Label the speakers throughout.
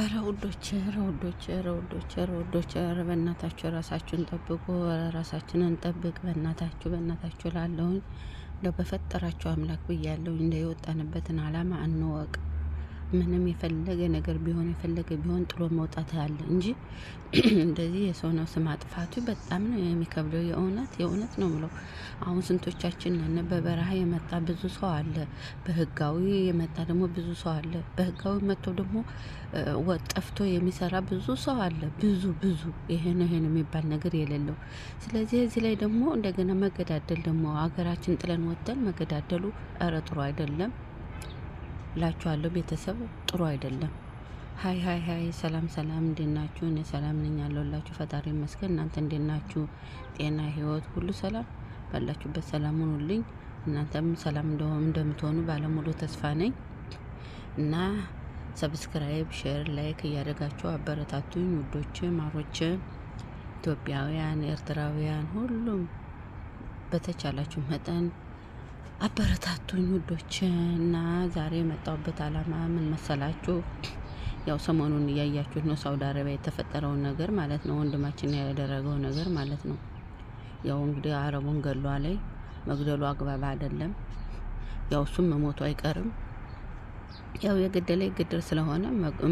Speaker 1: ኧረ ውዶች ኧረ ውዶች ኧረ ውዶች ኧረ ውዶች ኧረ በእናታችሁ ራሳችሁን ጠብቁ። ራሳችንን ጠብቅ በእናታችሁ በእናታችሁ ላለውኝ እንደው በፈጠራችሁ አምላክ ብያለሁኝ። እንደ የወጣንበትን አላማ እንወቅ። ምንም የፈለገ ነገር ቢሆን የፈለገ ቢሆን ጥሎ መውጣት አለ እንጂ እንደዚህ የሰው ነው ስም አጥፋቱ በጣም ነው የሚከብደው። የእውነት የእውነት ነው ብለው አሁን ስንቶቻችን ነን? በበረሃ የመጣ ብዙ ሰው አለ፣ በህጋዊ የመጣ ደግሞ ብዙ ሰው አለ። በህጋዊ መጥቶ ደግሞ ጠፍቶ የሚሰራ ብዙ ሰው አለ። ብዙ ብዙ ይሄን ይሄን የሚባል ነገር የሌለው ስለዚህ እዚህ ላይ ደግሞ እንደገና መገዳደል ደግሞ ሀገራችን ጥለን ወጥተን መገዳደሉ እረ ጥሩ አይደለም። እላችኋለሁ ቤተሰብ ጥሩ አይደለም። ሀይ ሀይ ሀይ፣ ሰላም ሰላም፣ እንዴት ናችሁ? እኔ ሰላም ነኝ ያለሁላችሁ ፈጣሪ ይመስገን። እናንተ እንዴት ናችሁ? ጤና፣ ህይወት ሁሉ ሰላም ባላችሁበት ሰላም ሁኑልኝ። እናንተም ሰላም እንደምትሆኑ ባለሙሉ ተስፋ ነኝ እና ሰብስክራይብ፣ ሼር፣ ላይክ እያደረጋችሁ አበረታቱኝ ውዶች፣ ማሮች፣ ኢትዮጵያውያን፣ ኤርትራውያን ሁሉም በተቻላችሁ መጠን አበረታቱኝ ውዶች እና ዛሬ የመጣሁበት አላማ ምን መሰላችሁ? ያው ሰሞኑን እያያችሁት ነው ሳውዲ አረቢያ የተፈጠረውን ነገር ማለት ነው። ወንድማችን ያደረገው ነገር ማለት ነው። ያው እንግዲህ አረቡን ገሏ ላይ መግደሉ አግባብ አይደለም። ያው እሱም መሞቱ አይቀርም። ያው የገደለ ግድር ስለሆነ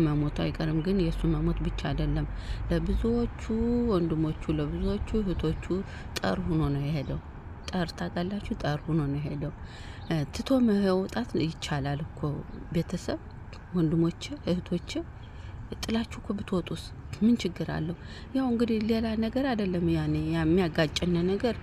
Speaker 1: መሞቱ አይቀርም። ግን የእሱ መሞት ብቻ አይደለም፣ ለብዙዎቹ ወንድሞቹ፣ ለብዙዎቹ እህቶቹ ጠር ሆኖ ነው የሄደው ጠር ታውቃላችሁ፣ ጠር ሆኖ ነው ሄደው ትቶ መውጣት ይቻላል እኮ ቤተሰብ ወንድሞች እህቶች ጥላችሁ እኮ ብትወጡስ ምን ችግር አለው? ያው እንግዲህ ሌላ ነገር አይደለም። ያኔ የሚያጋጭን ነገር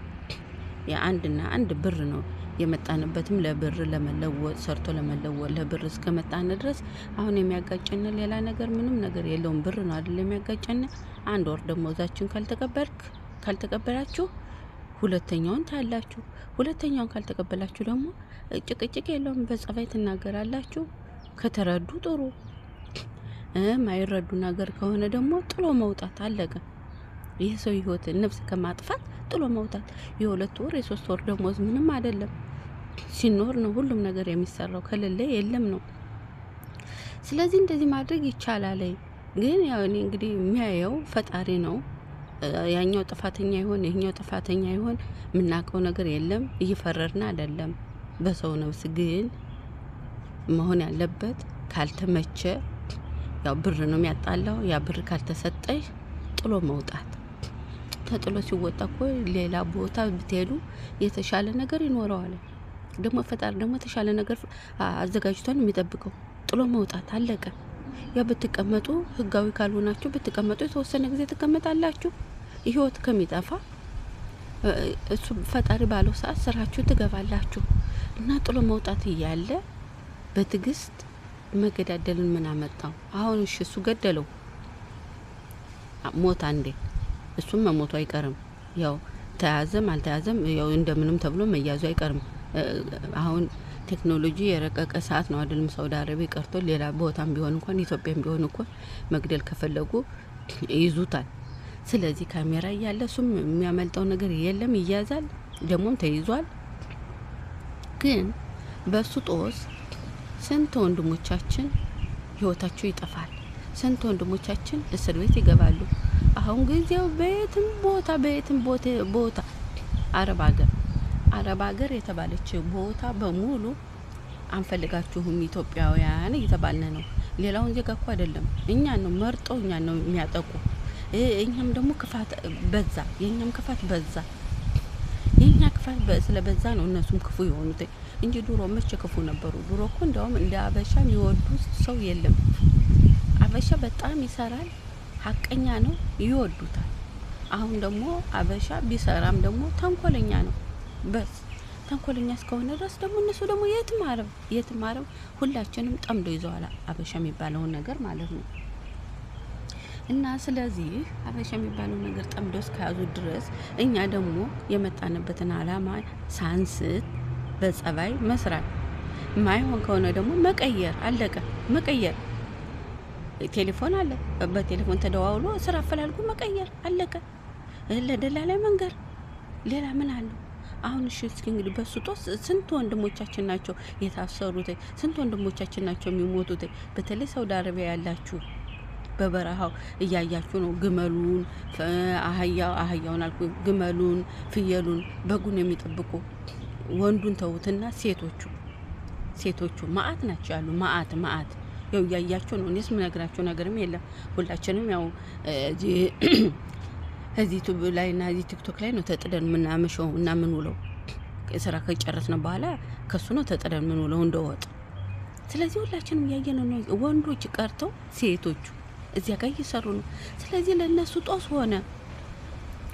Speaker 1: የአንድና አንድ ብር ነው። የመጣንበትም ለብር ለመለወጥ ሰርቶ ለመለወጥ ለብር እስከመጣን ድረስ አሁን የሚያጋጨን ሌላ ነገር ምንም ነገር የለውም። ብር ነው አይደል የሚያጋጨን። አንድ ወር እዛችን ካልተቀበልክ ካልተቀበላችሁ ሁለተኛውን ታያላችሁ። ሁለተኛውን ካልተቀበላችሁ ደግሞ ጭቅጭቅ የለውም፣ በጸባይ ትናገራላችሁ። ከተረዱ ጥሩ፣ ማይረዱ ነገር ከሆነ ደግሞ ጥሎ መውጣት አለቀ። ይህ ሰው ህይወት ነፍስ ከማጥፋት ጥሎ መውጣት። የሁለት ወር የሶስት ወር ደሞዝ ምንም አይደለም። ሲኖር ነው ሁሉም ነገር የሚሰራው፣ ከሌለ የለም ነው። ስለዚህ እንደዚህ ማድረግ ይቻላል። ግን ያው እኔ እንግዲህ የሚያየው ፈጣሪ ነው። ያኛው ጥፋተኛ ይሆን ይህኛው ጥፋተኛ ይሆን የምናውቀው ነገር የለም። እየፈረርን አይደለም። በሰው ነብስ ግን መሆን ያለበት ካልተመቸ ያው ብር ነው የሚያጣላው። ያ ብር ካልተሰጠሽ ጥሎ መውጣት ተጥሎ ሲወጣ እኮ ሌላ ቦታ ብትሄዱ የተሻለ ነገር ይኖረዋል። ደግሞ ፈጣሪ ደግሞ የተሻለ ነገር አዘጋጅቷን የሚጠብቀው ጥሎ መውጣት አለቀ። ያ ብትቀመጡ ህጋዊ ካልሆናችሁ ብትቀመጡ የተወሰነ ጊዜ ትቀመጣላችሁ። ህይወት ከሚጠፋ እሱ ፈጣሪ ባለው ሰዓት ስራችሁ ትገባላችሁ እና ጥሎ መውጣት እያለ በትዕግስት መገዳደልን ምን አመጣው? አሁን እሺ እሱ ገደለው ሞት አንዴ እሱም መሞቱ አይቀርም። ያው ተያዘም አልተያዘም ያው እንደምንም ተብሎ መያዙ አይቀርም አሁን ቴክኖሎጂ የረቀቀ ሰዓት ነው። አይደለም ሳውዲ አረቢያ ቀርቶ ሌላ ቦታም ቢሆን እንኳን ኢትዮጵያም ቢሆን እንኳን መግደል ከፈለጉ ይይዙታል። ስለዚህ ካሜራ እያለ እሱም የሚያመልጠው ነገር የለም፣ ይያዛል፣ ደግሞም ተይዟል። ግን በሱ ጦስ ስንት ወንድሞቻችን ህይወታቸው ይጠፋል። ስንት ወንድሞቻችን እስር ቤት ይገባሉ። አሁን ጊዜው በየትም ቦታ በየትም ቦታ አረብ ሀገር አረብ ሀገር የተባለች ቦታ በሙሉ አንፈልጋችሁም ኢትዮጵያውያን እየተባለ ነው። ሌላውን ዜጋ እኮ አይደለም እኛ ነው መርጦ እኛ ነው የሚያጠቁ። እኛም ደግሞ ክፋት በዛ፣ የእኛም ክፋት በዛ። የእኛ ክፋት ስለበዛ ነው እነሱም ክፉ የሆኑት እንጂ ድሮ መቼ ክፉ ነበሩ? ድሮ እኮ እንዲያውም እንደ አበሻ የሚወዱ ሰው የለም። አበሻ በጣም ይሰራል፣ ሀቀኛ ነው፣ ይወዱታል። አሁን ደግሞ አበሻ ቢሰራም ደግሞ ተንኮለኛ ነው። በስ ተንኮለኛ እስከሆነ ድረስ ደግሞ እነሱ ደግሞ የትም አረብ የትም አረብ ሁላችንም ጠምዶ ይዘዋል አበሻ የሚባለውን ነገር ማለት ነው። እና ስለዚህ አበሻ የሚባለው ነገር ጠምዶ እስከያዙ ድረስ እኛ ደግሞ የመጣንበትን አላማ ሳንስት በጸባይ መስራት ማይሆን ከሆነ ደግሞ መቀየር፣ አለቀ። መቀየር ቴሌፎን አለ፣ በቴሌፎን ተደዋውሎ ስራ አፈላልጎ መቀየር፣ አለቀ። ለደላላ መንገር ሌላ ምን አለው? አሁን እሺ፣ እስኪ እንግዲህ በሱ ጦስ ስንት ወንድሞቻችን ናቸው የታሰሩት? ስንት ወንድሞቻችን ናቸው የሚሞቱት? በተለይ ሳውዲ አረቢያ ያላችሁ በበረሃው እያያችሁ ነው። ግመሉን አህያ አህያውን አልኩ፣ ግመሉን፣ ፍየሉን፣ በጉን የሚጠብቁ ወንዱን ተዉትና ሴቶቹ ሴቶቹ ማአት ናቸው ያሉ ማአት ማአት ያው እያያችሁ ነው። እኔስ ምነግራችሁ ነገርም የለም። ሁላችንም ያው እዚህ ዩቱብ እና እዚህ ቲክቶክ ላይ ነው ተጥደን የምናመሸው እና ውለው ስራ ከጨረስነው በኋላ ከሱ ነው ተጥደን ውለው እንደወጥ። ስለዚህ ሁላችንም እያየን ነው። ወንዶች ቀርተው ሴቶቹ እዚያ ጋር እየሰሩ ነው። ስለዚህ ለእነሱ ጦስ ሆነ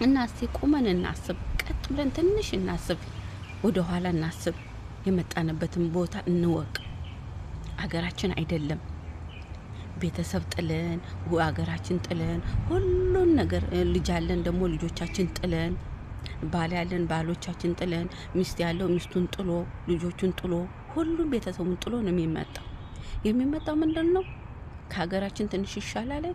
Speaker 1: እና እስቲ ቁመን እናስብ፣ ቀጥ ብለን ትንሽ እናስብ፣ ወደ ኋላ እናስብ፣ የመጣንበትን ቦታ እንወቅ። አገራችን አይደለም ቤተሰብ ጥለን ሀገራችን ጥለን ሁሉን ነገር ልጅ ያለን ደግሞ ልጆቻችን ጥለን ባል ያለን ባሎቻችን ጥለን ሚስት ያለው ሚስቱን ጥሎ ልጆቹን ጥሎ ሁሉም ቤተሰቡን ጥሎ ነው የሚመጣው። የሚመጣው ምንድን ነው? ከሀገራችን ትንሽ ይሻላል።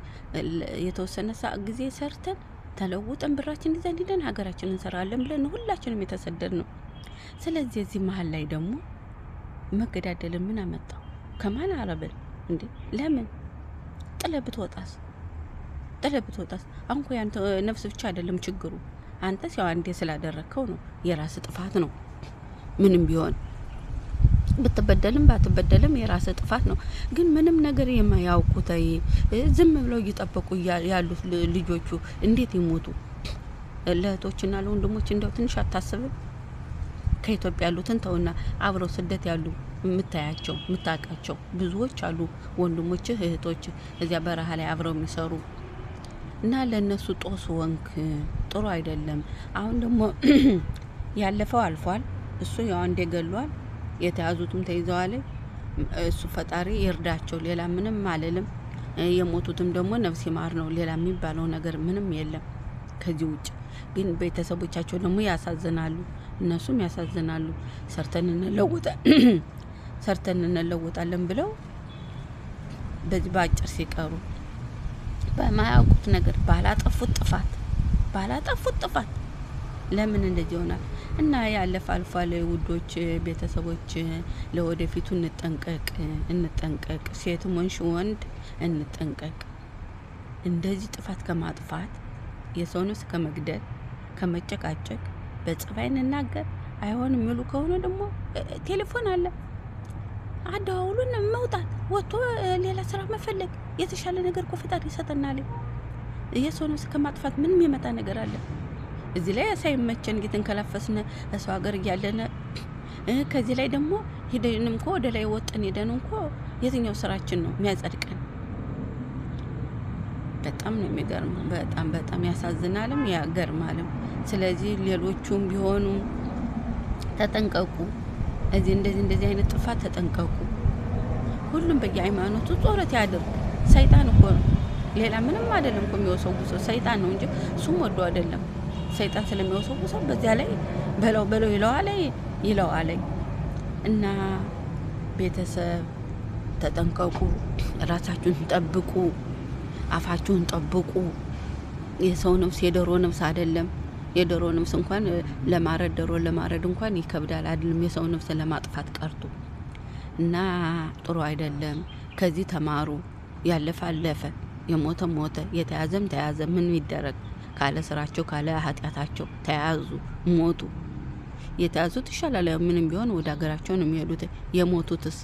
Speaker 1: የተወሰነ ጊዜ ሰርተን ተለውጠን ብራችን ይዘን ሂደን ሀገራችን እንሰራለን ብለን ሁላችንም የተሰደድ ነው። ስለዚህ እዚህ መሀል ላይ ደግሞ መገዳደልን ምን አመጣው? ከማን አረብን እንዴ? ለምን ጥለህ ብትወጣስ? ጥለህ ብትወጣስ? አሁን እኮ ያንተ ነፍስ ብቻ አይደለም ችግሩ። አንተስ ያው አንዴ ስላደረግከው ነው፣ የራስ ጥፋት ነው። ምንም ቢሆን ብትበደልም ባትበደልም የራስ ጥፋት ነው። ግን ምንም ነገር የማያውቁት ዝም ብለው እየጠበቁ ያሉት ልጆቹ እንዴት ይሞቱ? ለእህቶችና ለወንድሞች እንደው ትንሽ አታስብም? ከኢትዮጵያ ያሉትን ተውና አብረው ስደት ያሉ የምታያቸው የምታውቃቸው ብዙዎች አሉ ወንድሞችህ እህቶች እዚያ በረሃ ላይ አብረው የሚሰሩ እና ለእነሱ ጦስ ወንክ ጥሩ አይደለም። አሁን ደግሞ ያለፈው አልፏል። እሱ ያው አንዴ ገሏል። የተያዙትም ተይዘዋል። እሱ ፈጣሪ ይርዳቸው። ሌላ ምንም አልልም። የሞቱትም ደግሞ ነፍስ ይማር ነው። ሌላ የሚባለው ነገር ምንም የለም ከዚህ ውጭ። ግን ቤተሰቦቻቸው ደግሞ ያሳዝናሉ፣ እነሱም ያሳዝናሉ። ሰርተን እንለውጠ ሰርተን እንለወጣለን ብለው በዚህ በአጭር ሲቀሩ በማያውቁት ነገር ባላጠፉት ጥፋት ባላጠፉት ጥፋት ለምን እንደዚህ ይሆናል? እና ያለፈ አልፏል። ውዶች ቤተሰቦች፣ ለወደፊቱ እንጠንቀቅ፣ እንጠንቀቅ። ሴትም ወንሽ ወንድ እንጠንቀቅ። እንደዚህ ጥፋት ከማጥፋት የሰው ስ ከመግደል ከመጨቃጨቅ በጽባይ እንናገር። አይሆንም ሙሉ ከሆነ ደግሞ ቴሌፎን አለ። አደዋውሉን መውጣት ወጥቶ ሌላ ስራ መፈለግ የተሻለ ነገር እኮ ፈጣሪ ይሰጠናል። የሰው ነፍስ ከማጥፋት ምን የመጣ ነገር አለ? እዚህ ላይ ሳይመቸን እየተንከላፈስን ሰው ሀገር እያለን ከዚህ ላይ ደግሞ ሄደን እኮ ወደ ላይ ወጥን ሄደን እኮ የትኛው ስራችን ነው የሚያጸድቀን? በጣም ነው የሚገርመው። በጣም በጣም ያሳዝናልም ያገርማልም። ስለዚህ ሌሎቹም ቢሆኑ ተጠንቀቁ። እዚህ እንደዚህ እንደዚህ አይነት ጥፋት ተጠንቀቁ። ሁሉም በየሃይማኖቱ ጾረት ያደርጉ ሰይጣን እኮ ነው፣ ሌላ ምንም አይደለም እኮ የሚወሰውሰው ሰይጣን ነው እንጂ እሱም ወዶ አይደለም። ሰይጣን ስለሚወሰውሰው በዚያ ላይ በለው በለው ይለዋል ይለዋል። እና ቤተሰብ ተጠንቀቁ፣ ራሳችሁን ጠብቁ፣ አፋችሁን ጠብቁ። የሰው ነፍስ የዶሮ ነፍስ አይደለም። የዶሮ ነፍስ እንኳን ለማረድ ዶሮ ለማረድ እንኳን ይከብዳል አይደለም የሰው ነፍስ ለማጥፋት ቀርቶ እና ጥሩ አይደለም። ከዚህ ተማሩ። ያለፈ አለፈ፣ የሞተ ሞተ፣ የተያዘም ተያዘ። ምን ይደረግ ካለ ስራቸው ካለ ኃጢአታቸው ተያዙ፣ ሞቱ። የተያዙት ይሻላል፣ ምንም ቢሆን ወደ ሀገራቸው የሚሄዱት። የሞቱትስ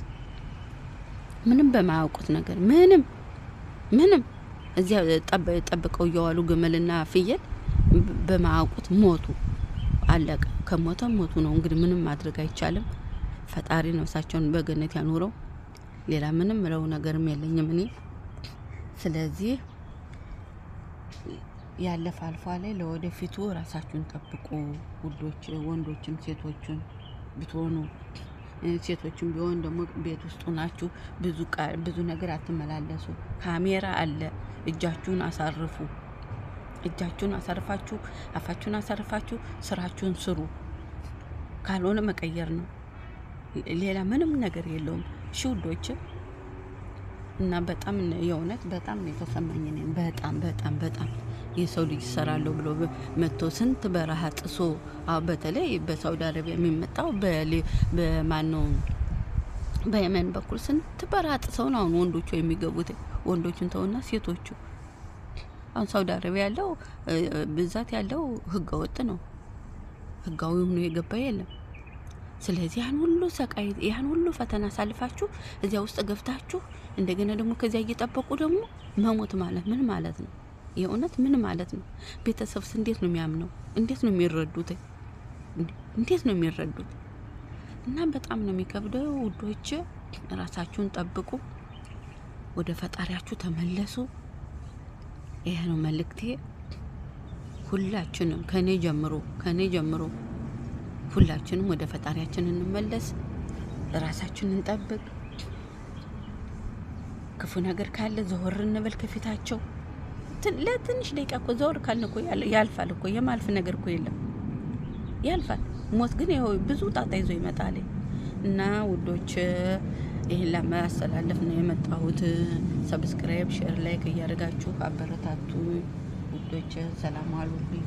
Speaker 1: ምንም በማያውቁት ነገር ምንም ምንም እዚያ ጠብቀው እየዋሉ ግመልና ፍየል በማያውቁት ሞቱ። አለቀ። ከሞተ ሞቱ ነው። እንግዲህ ምንም ማድረግ አይቻልም። ፈጣሪ ነፍሳቸውን በገነት ያኖረው ሌላ ምንም ምለው ነገርም የለኝም እኔ። ስለዚህ ያለፈ ላይ ለወደፊቱ ራሳችሁን ጠብቁ ውዶች፣ ወንዶችም ሴቶችም ብትሆኑ ሴቶችም ቢሆን ደግሞ ቤት ውስጡ ናችሁ፣ ብዙ ነገር አትመላለሱ። ካሜራ አለ፣ እጃችሁን አሳርፉ። እጃችሁን አሳርፋችሁ አፋችሁን አሳርፋችሁ ስራችሁን ስሩ። ካልሆነ መቀየር ነው። ሌላ ምንም ነገር የለውም። እሺ ውዶች እና በጣም የእውነት በጣም ነው የተሰማኝ። በጣም በጣም በጣም የሰው ልጅ ይሰራለሁ ብሎ መጥቶ ስንት በረሃ ጥሶ በተለይ በሳውዲ አረቢያ የሚመጣው በማነው በየመን በኩል ስንት በረሃ ጥሰውን አሁን ወንዶቹ የሚገቡት ወንዶቹን ተውና ሴቶቹ አሁን ሳውዲ አረቢያ ያለው ብዛት ያለው ህገ ወጥ ነው። ህጋዊ ሆኖ የገባ የለም። ስለዚህ ያን ሁሉ ሰቃይ ያን ሁሉ ፈተና አሳልፋችሁ እዚያ ውስጥ ገብታችሁ እንደገና ደግሞ ከዚያ እየጠበቁ ደግሞ መሞት ማለት ምን ማለት ነው? የእውነት ምን ማለት ነው? ቤተሰብስ እንዴት ነው የሚያምነው? እንዴት ነው የሚረዱት? እንዴት ነው የሚረዱት? እና በጣም ነው የሚከብደው ውዶች። ራሳችሁን ጠብቁ። ወደ ፈጣሪያችሁ ተመለሱ። ይሄ ነው መልእክቴ። ሁላችንም ከኔ ጀምሮ ከኔ ጀምሮ ሁላችንም ወደ ፈጣሪያችን እንመለስ፣ ራሳችንን እንጠብቅ። ክፉ ነገር ካለ ዘወር እንበል ከፊታቸው። ለትንሽ ደቂቃ እኮ ዘወር ካልን እኮ ያልፋል እኮ የማልፍ ነገር እኮ የለም፣ ያልፋል። ሞት ግን ይኸው ብዙ ጣጣ ይዞ ይመጣል እና ውዶች ይህን ለማስተላለፍ ነው የመጣሁት። ሰብስክራይብ፣ ሼር፣ ላይክ እያደረጋችሁ አበረታቱ ውዶች። ሰላም አሉልኝ።